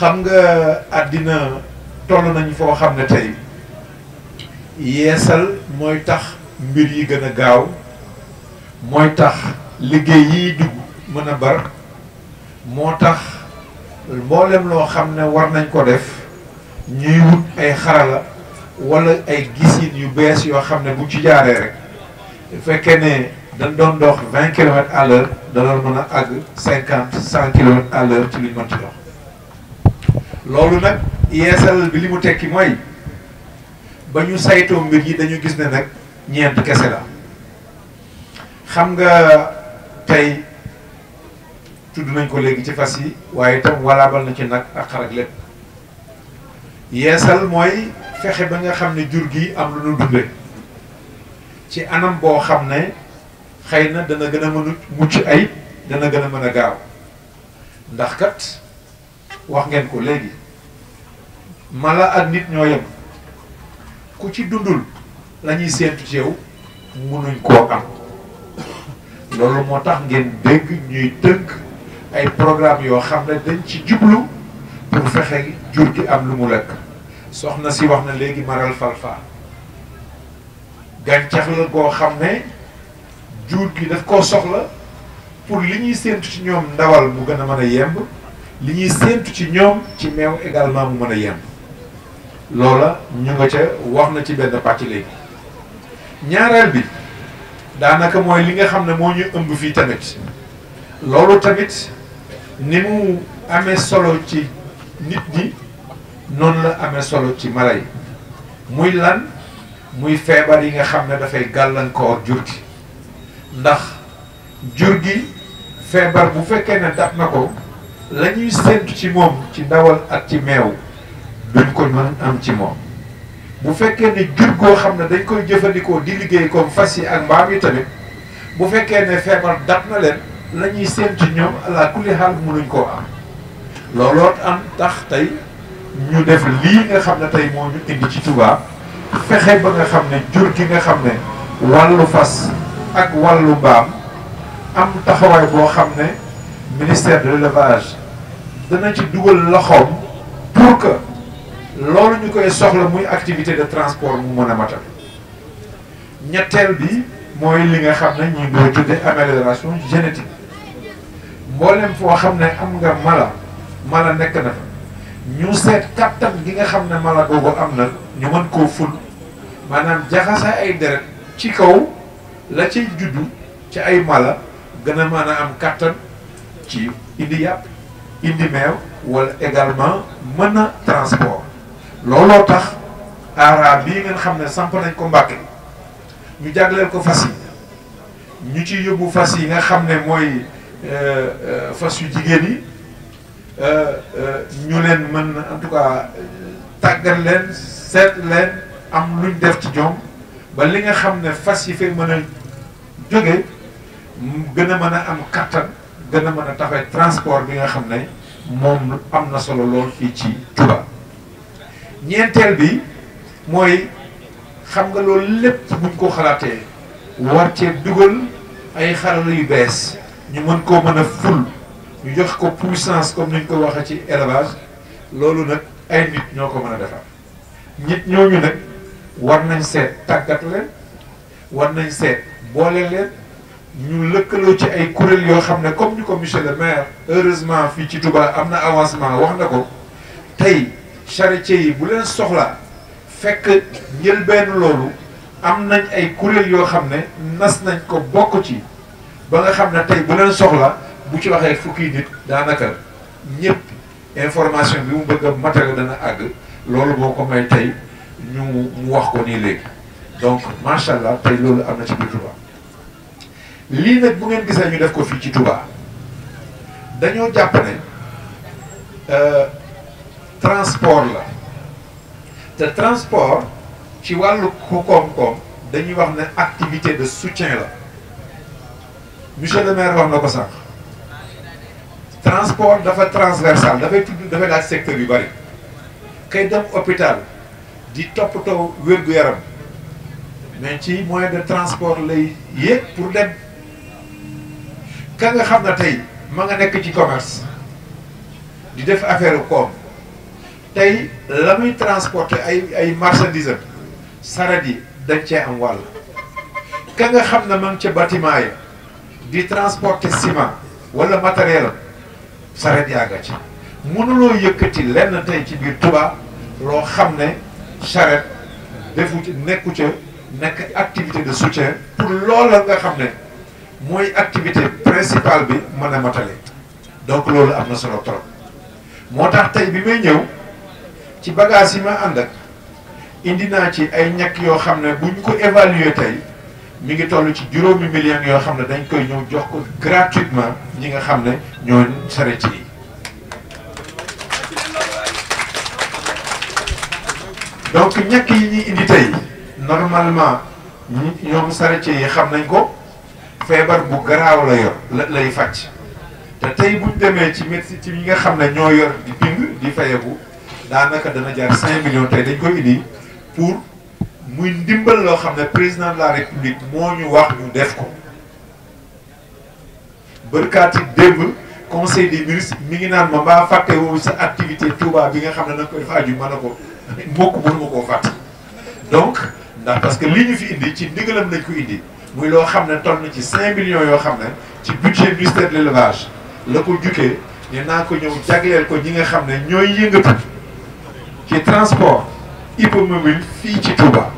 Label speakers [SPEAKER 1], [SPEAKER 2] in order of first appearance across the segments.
[SPEAKER 1] xam nga àddina toll nañ foo xam ne tey yeesal mooy tax mbir yi gën a gaaw mooy tax liggéey yiy dugg mën a bar moo tax mboolem loo xam ne war nañ ko def ñuy wut ay xarala wala ay gis gisin yu bees yoo xam ne bu ci jaaree rek fekkee ne dañ doon dox vingt kilomètres à l'heure dana mën a àgg cinquante cent kilomètres à l'heure ci liñ mën ci dox loolu nag yeesal bi li mu tekki mooy ba ñu saytoo mbir yi dañu gis ne nag ñeent kese la xam nga tey tudd nañ ko léegi ci fas yi waaye itam walaabal na ci nag ak xar ak lépp yeesal mooy fexe ba nga xam ne jur gi am lu nu dunde ci anam boo xam ne xëy na dana gën a mën a mucc ay dana gën a mën a gaaw ndax kat wax ngeen ko léegi mala ak nit ñoo yem ku ci dundul lañuy ñuy séentu ci yow mënuñ koo am loolu moo tax ngeen dégg ñuy tënk ay programme yoo xam ne dañ ci jublu pour fexe jur gi am lu mu lekk soxna si wax na léegi maral falfa gàncax la xam ne jur gi daf koo soxla pour li ñuy séentu ci ñoom ndawal mu gën a mën a yemb li ñuy séentu ci ñoom ci meew également mu mën a yemb loola ñu nga ca wax na ci benn pàcc léegi ñaareel bi daanaka mooy li nga xam ne moo ñu ëmb fii tamit loolu tamit ni mu amee solo ci nit ñi noonu la amee solo ci mala yi muy lan muy feebar yi nga xam ne dafay gàllankoor jur gi ndax jur gi feebar bu fekkee ne dab na ko lañuy ñuy ci moom ci ndawal at ci meew duñ ko mën am ci moom bu fekkee ni jur goo xam ne dañ koy jëfandikoo di liggéey comme fas yi ak mbaam yi tamit bu fekkee ne feebar dab na leen lañuy ñuy séentu ñoom ala kulli xaal nuñ koo am looloo am tax tey ñu def lii nga xam ne tey moo ñu indi ci Touba fexe ba nga xam ne jur gi nga xam ne wàllu fas ak wàllu mbaam am taxawaay boo xam ne ministère de l'élevage ci dugal loxoom loolu ñu koy soxla muy activité de transport mu mën a matal ñetteel bi mooy li nga xam ne ñu ngi koy tuddee amélioration génétique mboolem foo xam ne am nga mala mala nekk na fa ñu seet kattan gi nga xam ne mala googu am na ñu mën koo ful maanaam jaxasa ay deret ci kaw la ci juddu ci ay mala gën a man a am kattan ci indi yàpp indi meew wala également mën na transport. looloo tax aaraam bii ngeen xam ne samp nañ ko mbàkke ñu jagleel ko fas yi ñu ci yóbbu fas yi nga xam ne mooy euh, euh, fas yu jigéen yi euh, ñu leen mën en tout cas tàggat leen seet leen am luñ def ci ñoom ba li nga xam ne fas yi fay mën a jóge gën a mën a am kattan gën a mën a taxawee transport bi nga xam ne moom am na solo lool fii ci Touba. ñeenteel bi mooy xam nga loolu lépp buñ koo xalaatee war cee dugal ay xarala yu bees ñu mën koo mën a ful ñu jox ko puissance comme niñ ko waxee ci élevage loolu nag ay nit ñoo ko mën a defar nit ñooñu nag war nañ seet tàggat leen war nañ seet boole leen ñu lëkkaloo ci ay kuréel yoo xam ne comme ni ko monsieur le maire heureusement fii ci Touba am na avancement wax na ko tey charité yi bu soxla fekk benn loolu am nañ ay kuréel yoo xam ne nas nañ ko bokk ci ba nga xam ne tey bu soxla bu ci waxee fukki nit daanaka ñëpp information bi mu bëgg a matal dana àgg loolu boo ko may tey ñu mu wax ko nii léegi donc macha allah tey loolu am na ci biir Touba lii nag bu ngeen gisee ñu def ko fii ci Touba dañoo jàpp euh, transport la te transport ci wàllu koom kom dañuy wax né activité de soutien la monsieur le maire wax na ko sax transport dafa transversal dafa tudd dafay laaj secteur yu bari kay dem hôpital di toppatoo wér-gu-yaram mais ci moyen de transport lay yéeg pour dem ka nga xam ne tey ma nga nekk ci commerce di def affaire koom tey la muy transporter ay ay marchandises saret yi dañ cee am wàll ka nga xam ne ma ngi ca bâtiment ya di transporter ciment wala matériel am saret yaa nga ci mënuloo yëkkati lenn tey ci biir Touba loo xam ne charrette defu ci nekku ca nekk activité de soutien pour loola nga xam ne mooy activité principal bi mën a matale donc loolu am na solo trop moo tax tey bi may ñëw. ci bagage yi ma ànd ak indi naa ci ay ñàkk yoo xam ne bu ñu ko évaluer tey mi ngi toll ci juróomi millions yoo xam ne dañ koy ñëw jox ko gratuitement ñi nga xam ne ñoo saret yi donc ñàkk yi ñuy ñoom saret xam nañ ko feebar bu garaaw la yor la lay fàcc te tey buñ demee ci médecine ci ñi nga xam ne ñoo di bind di fayeku daanaka dana jaar 5 millions tey dañ ko indi pour muy ndimbal loo xam ne président de la république moo ñu wax ñu def ko bërkaati démb conseil des ministres mi ngi naan ma mbaa fàtte woo sa activité Touba bi nga xam ne na nga koy faaju mën a ko mbokk mënuma koo fàtte donc ndax parce que li ñu fi indi ci ndigalam lañ ko indi muy loo xam ne toll na ci 5 millions yoo xam ne ci budget ministère de l'élevage la ko jukee ne naa ko ñëw jagleel ko ñi nga xam ne ñooy yëngatu transports, transport hippomobile fii ci Touba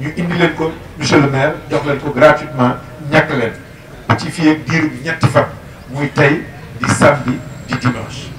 [SPEAKER 1] ñu indi leen ko monsieur le maire jox leen gratuitement ñak leen ci fi ak ñetti muy di samedi di dimanche.